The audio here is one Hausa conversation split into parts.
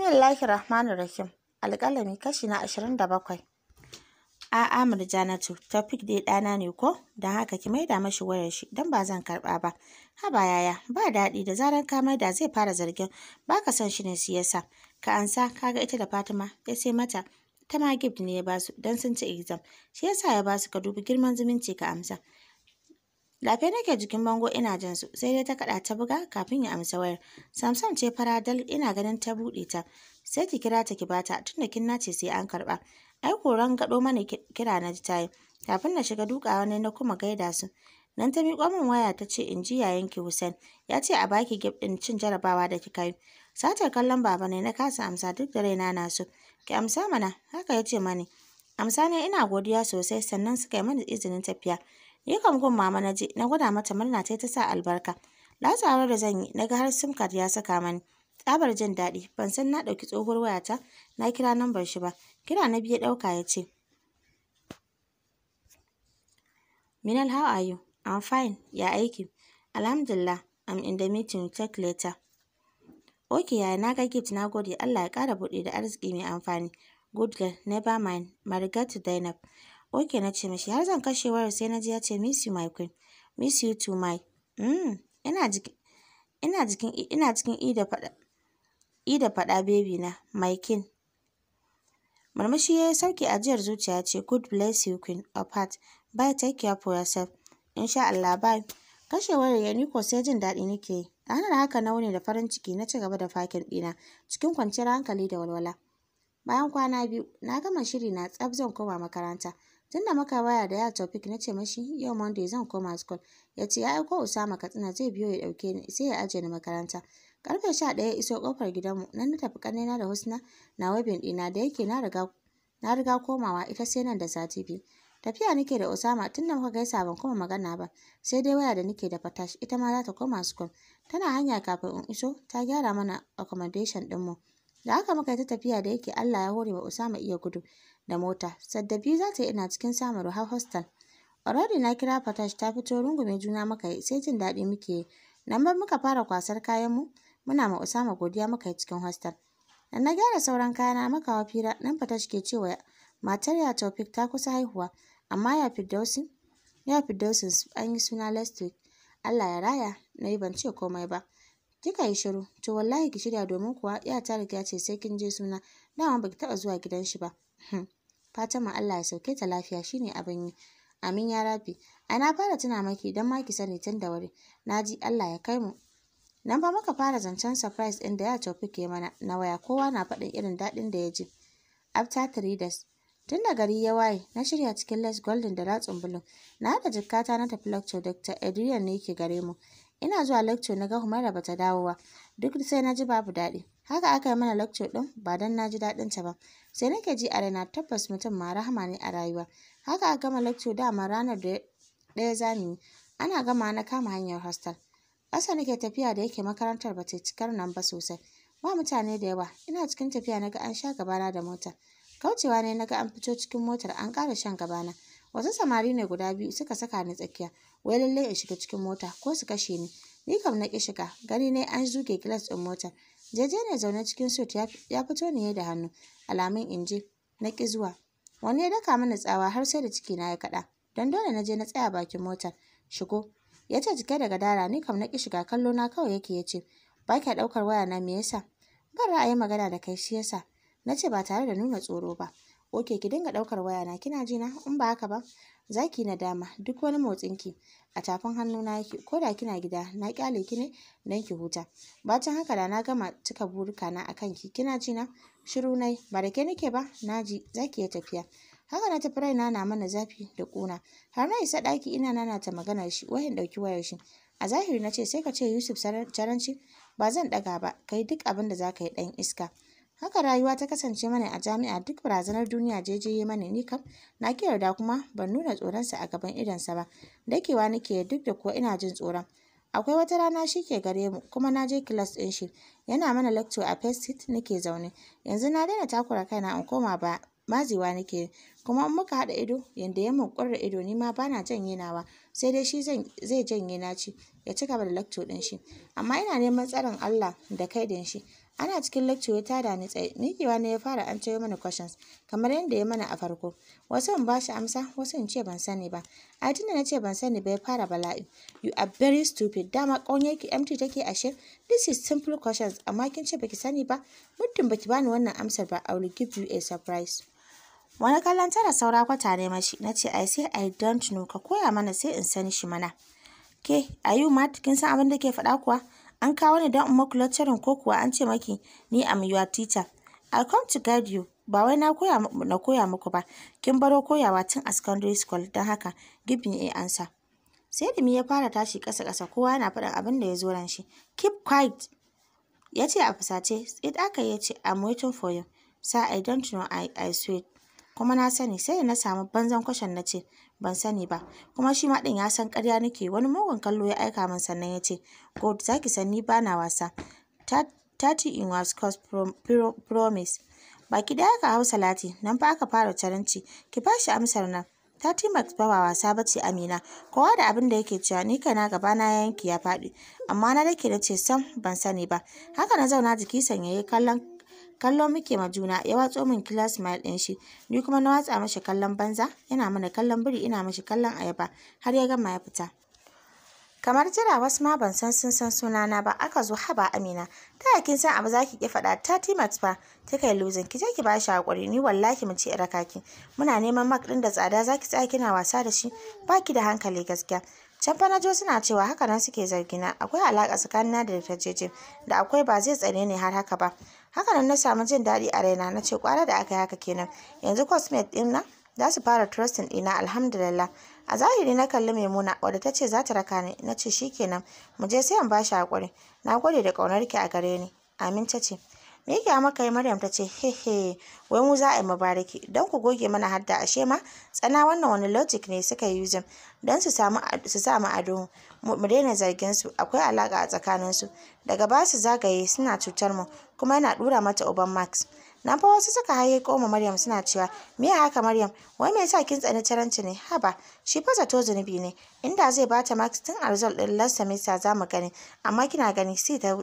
Bismillahir Rahmanir Rahim. Alƙalami kashi na ashirin da bakwai. A'a Murjanatu, topic dai ɗana ne ko? Don haka ki maida mashi wayar shi don ba zan karɓa ba. Haba yaya, ba daɗi da zaran ka maida zai fara zargin ba ka son shi ne siyasa. Ka ansa ka ga ita da Fatima ya sai mata ta ma gift ne ya basu don sun ci exam. Shi yasa ya basu ka dubi girman zumunci ka amsa. Lafe nake jikin bango ina jin su, sai dai ta kaɗa ta buga kafin ya amsa wayar. samson ce fara dal ina ganin ta buɗe ta. Sai ki kira ta ki bata tunda kin nace sai an karɓa. Ai koran mani mana kira na ji tayi. Kafin na shiga duka wani na kuma gaida su. Nan ta miƙo min waya ta ce in ji yayanki Hussein ya ce a baki gib din cin jarabawa da kika yi. Satar kallon baba ne na kasa amsa duk da raina na so. Ki amsa mana haka ya ce mani. Amsa ne ina godiya sosai sannan suka yi mani izinin tafiya. Yakan gun mama na je na gwada mata murna ta ta sa albarka. Latsawar da zan yi na ga har sim card ya saka mani. Tsabar jin daɗi ban san na ɗauki tsohuwar wayata na kira nambar shi ba. Kira na biyu ɗauka ya ce. Minal how are you? I'm fine. Ya aiki? Alhamdulillah. I'm in the meeting. Check later. Ok yaya na ga gift na gode Allah ya ƙara buɗe da arziki mai amfani. Good girl, never mind. My regard to Oke na ce mashi har zan kashe wayar sai na ji ya ce miss you my queen. Miss you too my. Mm, ina jikin ina jikin ina cikin i da fada. I da fada baby na my king. Murmushi ya sauke ajiyar zuciya ce good bless you queen of heart. Bye take care for yourself. Insha Allah bye. Kashe wayar ya niko sai jin daɗi nake yi. Ranar haka na wuni da farin ciki na ci gaba da fakin ɗina cikin kwanciyar hankali da walwala. Bayan kwana biyu, na gama shiri na tsab zan koma makaranta. Tunda maka waya da ya topic na ce mashi yau Monday zan koma school. Ya ce ya aiko Usama Katsina zai biyo ya dauke ni sai ya ajiye ni makaranta. Karfe sha ɗaya iso kofar gidanmu nan na tafi ƙannena da Husna na wabin ɗina da yake na riga komawa ita sai nan da sati biyu. Tafiya nake da Usama tun da muka gaisa ban kuma magana ba sai dai waya da nake da Fatash ita ma za ta koma school. Tana hanya kafin in iso ta gyara mana accommodation ɗinmu. da haka muka ta tafiya da yake Allah ya hore wa Usama iya gudu da mota saddabi za ta yi ina cikin samun ruhar hostel already na kira Fatash ta fito rungume juna muka yi sai jin daɗi muke yi nan bar muka fara kwasar kayan mu muna ma Usama godiya muka yi cikin hostel nan na gyara sauran kayana muka wa fira nan Fatash ke cewa matar ya tofik ta kusa haihuwa amma ya dosin ya an yi suna last week Allah ya raya na yi ban ce komai ba Kika yi shiru, to wallahi ki shirya domin kuwa Ya ta riga ce sai kin je suna, dama baki taɓa zuwa gidan shi ba. Hmm. Fatima Allah ya sauke ta lafiya shine abin yi. Amin ya rabi. A na fara tuna maki dan ma ki sani tun da wuri. Na ji Allah ya kai mu. Nan ba muka fara zancen surprise ɗin da ya tofi ke mana na waya kowa na faɗin irin daɗin da ya ji. After three days. Tun da gari ya waye, na shirya cikin Les Golden da ratsun bulu. Na haɗa jikkata na tafi lecture Dr. Adrian ne ke gare mu. ina zuwa lecture na ga Humaira bata dawowa. duk sai na ji babu daɗi haka aka yi mana lecture ɗin ba dan na ji daɗin ta ba sai nake ji a raina tabbas mutum ma rahama ne a rayuwa haka aka gama lecture dama ranar da ɗaya zani yi ana gama na kama hanyar hostel ƙasa nake tafiya da yake makarantar ba ta cikar nan ba sosai ba mutane da yawa ina cikin tafiya na ga an sha gabana da mota kaucewa ne na ga an fito cikin motar an ƙara shan gabana wasu samari ne guda biyu suka saka ni tsakiya wai lallai in shiga cikin mota ko su kashe ni ni kam na ki shiga gani ne an zuge glass ɗin mota. jeje ne zaune cikin suit ya fito ne da hannu alamun inji na ki zuwa wani ya daka mana tsawa har sai da ciki na ya kaɗa don dole na je na tsaya bakin motar shigo Yace ce cike daga dara. ni kam na ki shiga kallo na kawai yake yace. ce ba ka ɗaukar waya na me yasa ban ra'ayi magana da kai shi yasa na ce ba tare da nuna tsoro ba oke ki dinga ɗaukar waya na kina jina? in ba haka ba za ki na dama duk wani motsin ki a tafin hannu na yake ko da kina gida na kyale ki ne don ki huta bacin haka da na gama cika burka na akan ki kina ji na shiru nai ba da ke nake ba naji ji za ki tafiya haka na tafi raina na mana zafi da kuna har na isa ɗaki ina nana ta magana shi wahin ɗauki wayar shi a zahiri na ce sai ka ce yusuf caranci ba zan ɗaga ba kai duk abin da za ka yi ɗan iska Haka rayuwa ta kasance mana a jami'a duk barazanar duniya jejeye mana ni kam na ki yarda kuma ban nuna tsoronsa a gaban idonsa ba. Dakewa nake duk da kuwa ina jin tsoron. Akwai wata rana shi ke gare mu kuma na je kilas ɗin shi. Yana mana lecture a first seat nake zaune. Yanzu na daina takura kaina in koma ba maziwa nake Kuma in muka haɗa ido, yanda ya mun ƙurra ido ni ma bana janye nawa, sai dai shi zai janye ci ya ci gaba da lakto ɗin shi. Amma ina neman tsarin Allah da kai da shi. Ana cikin lakto ya tada ni tsaye, mikewa ne ya fara an ansayo mana questions kamar yadda ya mana a farko. Wasu in bashi amsa, wasu in ce ban sani ba. a tunda na ce ban sani ba ya fara bala'i. You are very stupid. Dama ki empty take ashe? This is simple questions amma kin ce baki sani ba? Muddin baki bani wannan amsar ba I will give you a surprise. wani kallon tara saura kwata ne mashi na ce i say i don't know ka koya mana sai in sani shi mana ke are you mad kin san abin da ke faɗa kuwa an kawo ni don in kulacarin ko kuwa an ce maki ni am your teacher i come to guide you ba wai na koya na koya muku ba kin baro koyawa tun a secondary school don haka give me a answer sai Dimi ya fara tashi kasa-kasa kowa yana faɗin abin da ya zo ran shi keep quiet ya ce a fusace tsit aka ya ce i'm waiting for you sir i don't know i i swear kuma na sani sai na samu banzan kwashen na ce ban sani ba kuma shi ma ɗin ya san karya nake wani mugun kallo ya aika min sannan ya ce god zaki san ni ba na wasa tati in was cause promise baki da aka hausa lati nan fa aka fara caranci ki bashi amsar nan Tati Max ba wasa ba ce Amina, kowa da abin da yake cewa ni na gaba na yanki ya faɗi, amma na ke da ce sam ban sani ba. Haka na zauna jiki sanyaye kallon kallon muke ma juna ya watso min class mile ɗin shi ni kuma na watsa mashi kallon banza yana mana kallon biri ina mashi kallon ayaba har ya gama ya fita kamar jira wasu ma ban san sun san sunana ba aka zo haba amina ta yakin san abu zaki ki faɗa ta timat fa ta kai luzin ki je ki ba shi hakuri ni wallahi mu ci iraka ki muna neman mak ɗin da tsada zaki tsaya kina wasa da shi baki da hankali gaskiya can fa jo suna cewa haka nan suke zargina akwai alaƙa tsakanina da ta jeje da akwai ba zai tsare ne har haka ba haka nan na samu jin daɗi a raina na ce kwara da aka yi haka kenan yanzu cosmet din na za su fara trusting ɗina alhamdulillah a zahiri na kalli maimuna wadda ta ce za ta raka ni na ce shi kenan mu je sai an ba shi haƙuri na gode da ƙaunar ki a gare ni amin ta ce me yake maka yi maryam ta ce hehe wai mu za a yi mabariki don ku goge mana hadda ashe ma tsana wannan wani logic ne suka yi yuzin don su sa mu ado mu daina zargin su akwai alaka a tsakanin su daga ba su zagaye suna cutar mu kuma yana dura mata uban max na fa wasu suka haye koma maryam suna cewa me ya haka maryam wai me yasa kin tsani taranci ne haba shi fa zato zunubi ne inda zai bata max tun a result din last semester za mu gani amma kina gani sai ta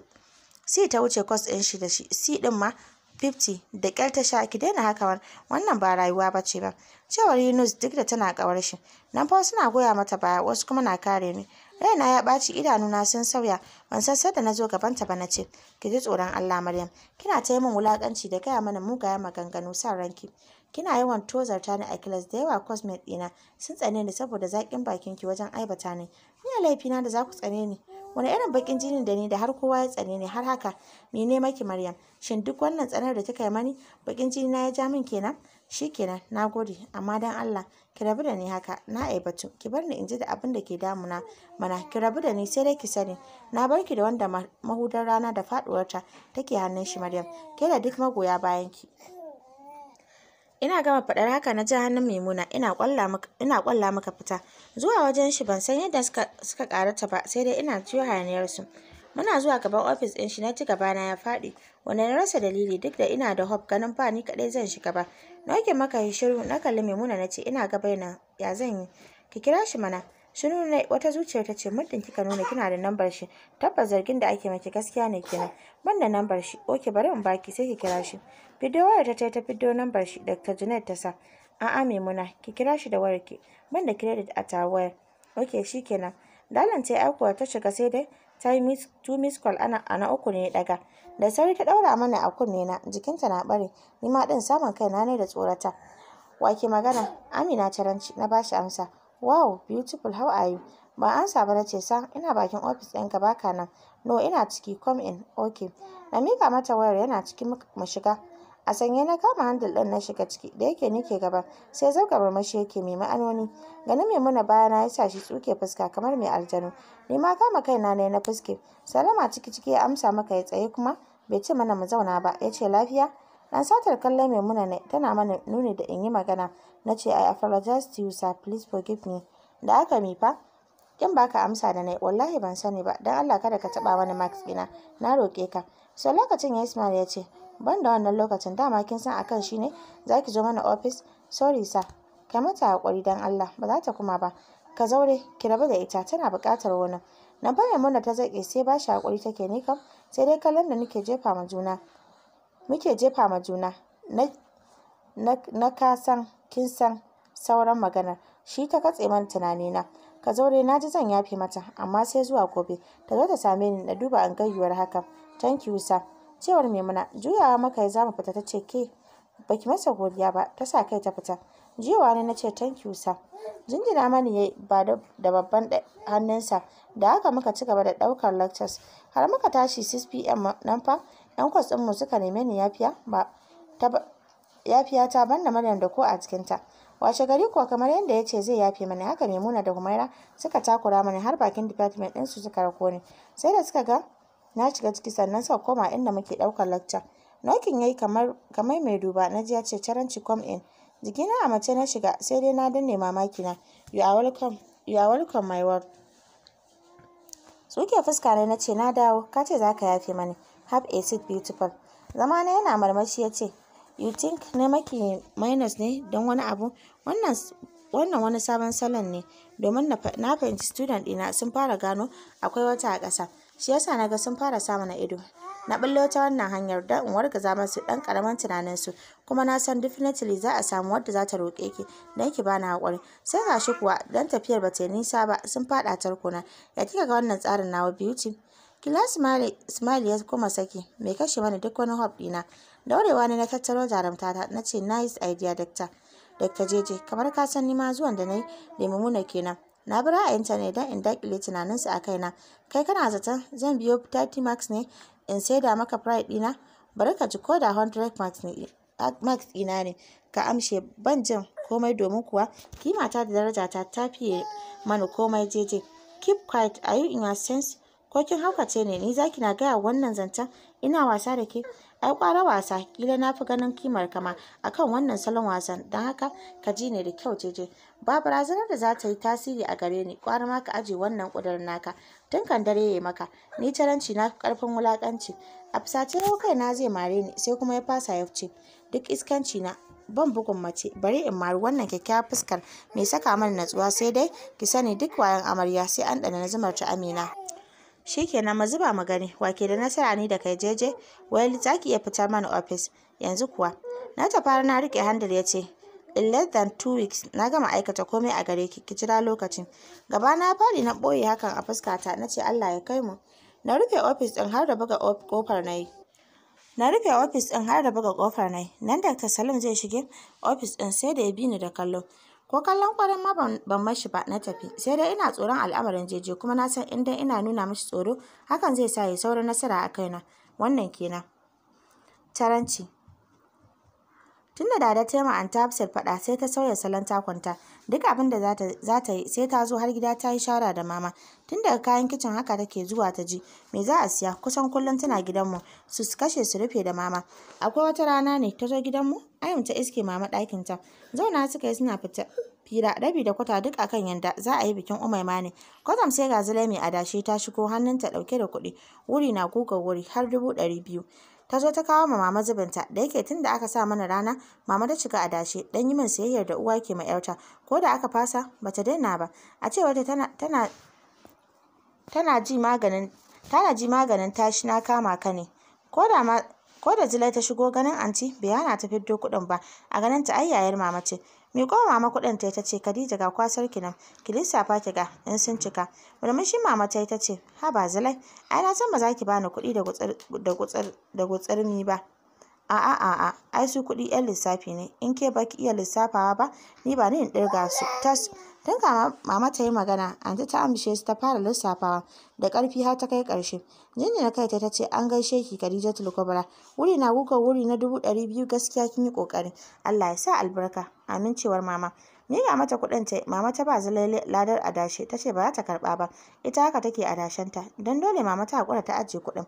C ta wuce kwas ɗin shi da shi C ɗin ma 50 da ƙyar ta sha ki daina haka wannan ba rayuwa ba ce ba cewar yunus duk da tana ƙawar shi nan fa suna goya mata baya wasu kuma na kare ni raina ya ɓaci idanuna sun sauya ban san sadda na zo gabanta ba na ce ki ji tsoron allah maryam kina ta yi min wulaƙanci da gaya mana mugayen maganganu sa ranki kina yawan tozarta ni a kilas da yawa cosmet ɗina sun tsane ni saboda zaƙin bakinki wajen aibata ni ina laifina da za ku tsane ni wani irin bakin jini da ni da har kowa ya tsane ne har haka ni ne maki maryam shin duk wannan tsanar da kika yi mani bakin jini na ya ja min kenan shi kenan na gode amma dan allah ki rabu da ni haka na ai batu ki bar ni in ji da abin da ke damuna mana ki rabu da ni sai dai ki sani na bar ki da wanda mahudar rana da faduwarta take hannun shi maryam ke da duk magoya bayan ki ina gama faɗar haka na ji hannun maimuna ina ƙwalla maka fita zuwa wajen shi ban san yadda suka suka karata ba sai dai ina jiyo hayaniyar su muna zuwa gaban ofis ɗin shi na ji na ya faɗi wanda na rasa dalili duk da ina da hope ganin ba ni kaɗai zan shiga ba na yake maka shiru na kalli maimuna na ce ina ga baina ya zan yi ki kira shi mana shi nuna wata zuciyar ta ce muddin kika nuna kina da nambar shi tabbas zargin da ake maki gaskiya ne kenan ban da nambar shi oke bari in baki sai ki kira shi bidiyo wayar ta ta bidiyo nambar shi dr junaid ta sa a'a maimuna ki kira shi da wayar ki ban da credit a ta wayar oke kenan dalan ta yi aikuwa ta shiga sai dai ta yi two miss call ana ana uku ne daga da sauri ta daura mana a kunne na jikinta na bare ni ma din samun kaina ne da tsorata wake magana amina taranci na bashi amsa Wow, beautiful, how are you? Ba ansa ba na ce sa, ina bakin ofis ɗinka baka nan. No, ina ciki, come in, okay. Na mika mata wayar yana cikin mu shiga. A sanye na kama handle ɗin na shiga ciki, da yake nike gaba, sai zauka mashi yake mai ma'anoni. Gani mai muna bayana ya sa shi tsuke fuska kamar mai aljanu. Ni ma kama kaina ne na fuske. Salama ciki ciki ya amsa maka ya tsaye kuma bai ce mana mu zauna ba, ya ce lafiya. Dan satar kallon Maimuna ne tana mana nuni da in yi magana. na ce I apologize to you sir please forgive me da aka mi fa kin baka amsa da nai wallahi ban sani ba dan Allah kada ka taba wani max dina na roke ka so lokacin ya Ismail ya ce ban da wannan lokacin dama kin san akan shi ne zaki zo mana office sorry sir kai mata hakuri dan Allah ba za ta kuma ba ka zaure ki rabu da ita tana buƙatar wani na baya mana ta zaƙe sai ba shi hakuri take ni kam sai dai kallon da nake jefa ma juna muke jefa ma juna na na kasan kin san sauran maganar shi ta katse man tunanina ka zo na ji zan yafe mata amma sai zuwa gobe ta zo ta same ni na duba an gayyuwar hakan thank you sir cewar maimuna juyawa maka ya zama fita ta ce ke baki masa godiya ba ta sa kai ta fita jiwa ne na ce thank you sir jinjina mani yayi ba da babban hannunsa da haka muka ci gaba da ɗaukar lectures har muka tashi 6 pm nan fa yan kwas mu suka neme ni yafiya ba yafiya ta banda maryam da ko a cikinta washe gari kuwa kamar yadda ya ce zai yafe mana haka maimuna da humaira suka takura mani har bakin department su suka rako ni sai da suka ga na shiga ciki sannan suka koma inda muke ɗaukar lacca nokin yayi kamar kamar mai duba na ji ya ce caranci com in jikina a mace na shiga sai dai na danne mamaki na you are welcome you are my world tsuke fuska ne na ce na dawo ka ce za ka yafe mani have a seat beautiful zama na yana marmashi ya ce you think ne maki minus ne don wani abu wannan wani sabon salon ne domin na fahimci student ɗina sun fara gano akwai wata a ƙasa shi yasa na ga sun fara samu na ido na ɓallo ta wannan hanyar don in warga wargaza masu ɗan ƙaramin su kuma na san definitely za a samu wadda za ta roƙe ki don ki bani haƙuri sai ga shi kuwa don tafiyar ba ta yi nisa ba sun faɗa na? ya kika ga wannan tsarin nawa beauty kila smiley ya koma saki mai kashe mana duk wani hope ɗina daurewa ne na tattaro jarumta ta na ce nice idea dakta dakta jeje kamar ka san nima zuwan da na yi limumuna kenan na bi ra'ayinta ne don in dakile tunanin tunaninsu a kaina kai kana zaton zan biyo 30 marks ne in sai da maka pride ɗina bari ka ji ko da 100 marks ne max ina ne ka amshe ban jin komai domin kuwa kimata da daraja ta fiye mana komai jeje keep quiet are you in your sense ko kin haukace ne ni zaki na gaya wannan zancen ina wasa da ke ai kwara wasa kila na fi ganin kimar kama akan wannan salon wasan don haka ka ji ne da kyau jeje ba barazanar da za ta yi tasiri a gare ni kwara ma ka aje wannan kudurin naka tun kan dare ya yi maka ni taranci na karfin wulakanci a fusace na kai na zai mare ni sai kuma ya fasa ya fice duk iskanci na ban bugun mace bari in mari wannan kyakkyawar fuskar mai saka mana natsuwa sai dai ki sani duk wayan amarya sai an ɗana na ta amina shi kenan zuba magani, gani wake da nasara ni da kai jeje well za ki iya fita mana ofis, yanzu kuwa na ta fara na rike handle ya ce in less than two weeks na gama aikata komai a gare ki ki jira lokacin gaba na fari na ɓoye hakan a fuskata na ce Allah ya kai mu na rufe ofis din har da buga kofar na yi na rufe ofis ɗin har da buga kofar nai nan da salim zai shige ofis ɗin sai da ya bi ni da kallo ko kallon kwarin ma ban mashi ba na tafi sai dai ina tsoron al'amarin jeje kuma na san inda ina nuna mashi tsoro hakan zai sa ya saurin nasara a kaina wannan kenan taranci tunda da da taima an ta faɗa sai ta sauya salon takunta duk abin da za ta yi sai ta zo har gida ta yi shara da mama tun daga kayan kicin haka take zuwa ta ji me za a siya kusan kullum tana gidanmu su kashe su rufe da mama akwai wata rana ne ta zo gidanmu ayam ta iske mama ɗakin ta zauna suka yi suna fita fira rabi da kwata duk akan yanda za a yi bikin umaima ne kwatam sai ga zulai mai adashi ta shigo hannunta ɗauke da kuɗi wuri na kuka wuri har dubu ɗari biyu ta zo ta kawo ma mama zubinta da yake tun da aka sa mana rana mama ta shiga a dashe dan yi min sayayyar da uwa ke ma yarta ko da aka fasa ba ta daina ba a cewar ta tana ji maganin tana ji maganin tashi na kama ka ne ko da zilai ta shigo ganin anti bai hana ta fiddo kuɗin ba a ganin ta ai yayar mama ce mai miƙo mama kuɗin ta ta ce Khadija ga kwasar kinan nan ki lissafa ki ga in sun cika shi mama ta ta ce ha ba zalai ai na san ba za ki bani kuɗi da gutsar da gutsar da ba a a'a ai su kuɗi yan lissafi ne in ke baki iya lissafawa ba ni ba ni in ɗirga su tas Tun kama mama ta yi magana, anti ta amshe su ta fara lissafawa da ƙarfi har ta kai ƙarshe. Jinjina kai ta ce an gaishe ki Khadijatul Kubra. Wuri na guga wuri na dubu ɗari biyu gaskiya kin yi ƙoƙari. Allah ya sa albarka. Amin cewar mama. ga mata kuɗin ta mama ta ba zalale ladar adashe ta ce ba za ta karɓa ba. Ita haka take adashenta don dole mama ta haƙura ta ajiye kuɗin.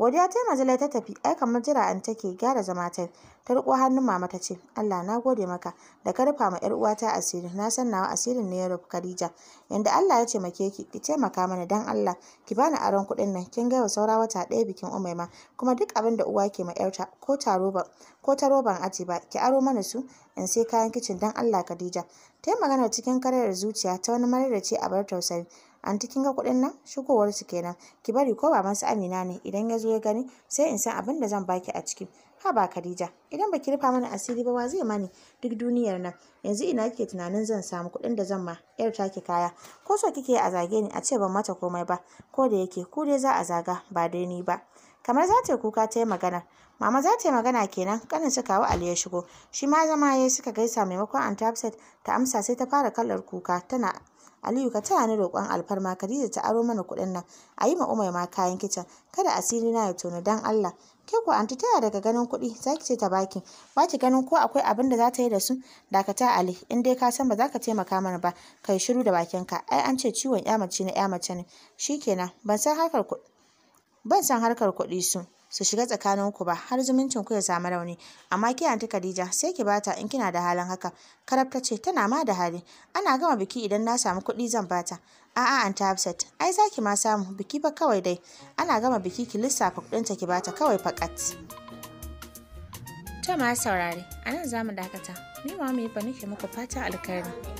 Godiya ta majalai ta tafi, ai kamar jira an take gyara zama ta. Ta riko hannun mama ta ce, "Allah na gode maka da ka rufa ma 'yar uwata asiri, na san nawa asirin ne ya rufe Khadija. Yanda Allah ya ce make ki, ki taimaka mana dan Allah, ki bani aron kudin nan, kin gaya saura wata ɗaya bikin Umaima, kuma duk abin da uwa ke ma 'yarta ko ta ba ko taro ban aji ba, ki aro mana su in sai kayan kicin dan Allah Khadija." Ta yi magana cikin karayar zuciya ta wani marar ce a bar tausayi. anti kin ga kuɗin nan shigowar su kenan ki bari ko baban su Amina ne idan ya zo ya gani sai in san abin da zan baki a ciki ha ba Khadija idan baki rufa mana asiri ba wa zai mani duk duniyar nan yanzu ina kike tunanin zan samu kuɗin da zan ma yar take kaya ko so kike a zage ni a ce ban mata komai ba ko da yake ku dai za a zaga ba dai ni ba kamar za ta kuka ta yi magana mama za ta yi magana kenan kanin su kawo ali ya shigo shi ma zama ya suka gaisa maimakon anti ta amsa sai ta fara kallar kuka tana Aliyu ka taya ni roƙon alfarma Khadija ta aro mana kuɗin nan a yi ma Umar ma kayan kicin kada asiri na ya tono dan Allah ke ko anti taya daga ganin kuɗi za ki ce ta baki ba ki ganin ko akwai abin da za ta yi da su dakata Ali in dai ka san ba za ka taimaka mana ba kai shiru da bakinka ai an ce ciwon ya mace na ya mace ne shikenan ban san harkar kuɗi ban san harkar kuɗi su su shiga tsakaninku ba har zumuncin ku ya samu rauni amma ki anti Khadija sai ki bata in kina da halin haka karabta ce tana ma da hali ana gama biki idan na samu kuɗi zan bata a'a anti Hafsat ai zaki ma samu biki ba kawai dai ana gama biki ki lissafa kuɗin ta ki bata kawai fakat ta ma saurare anan zamu dakata ni ma mu yi fa nake muku fata alkhairi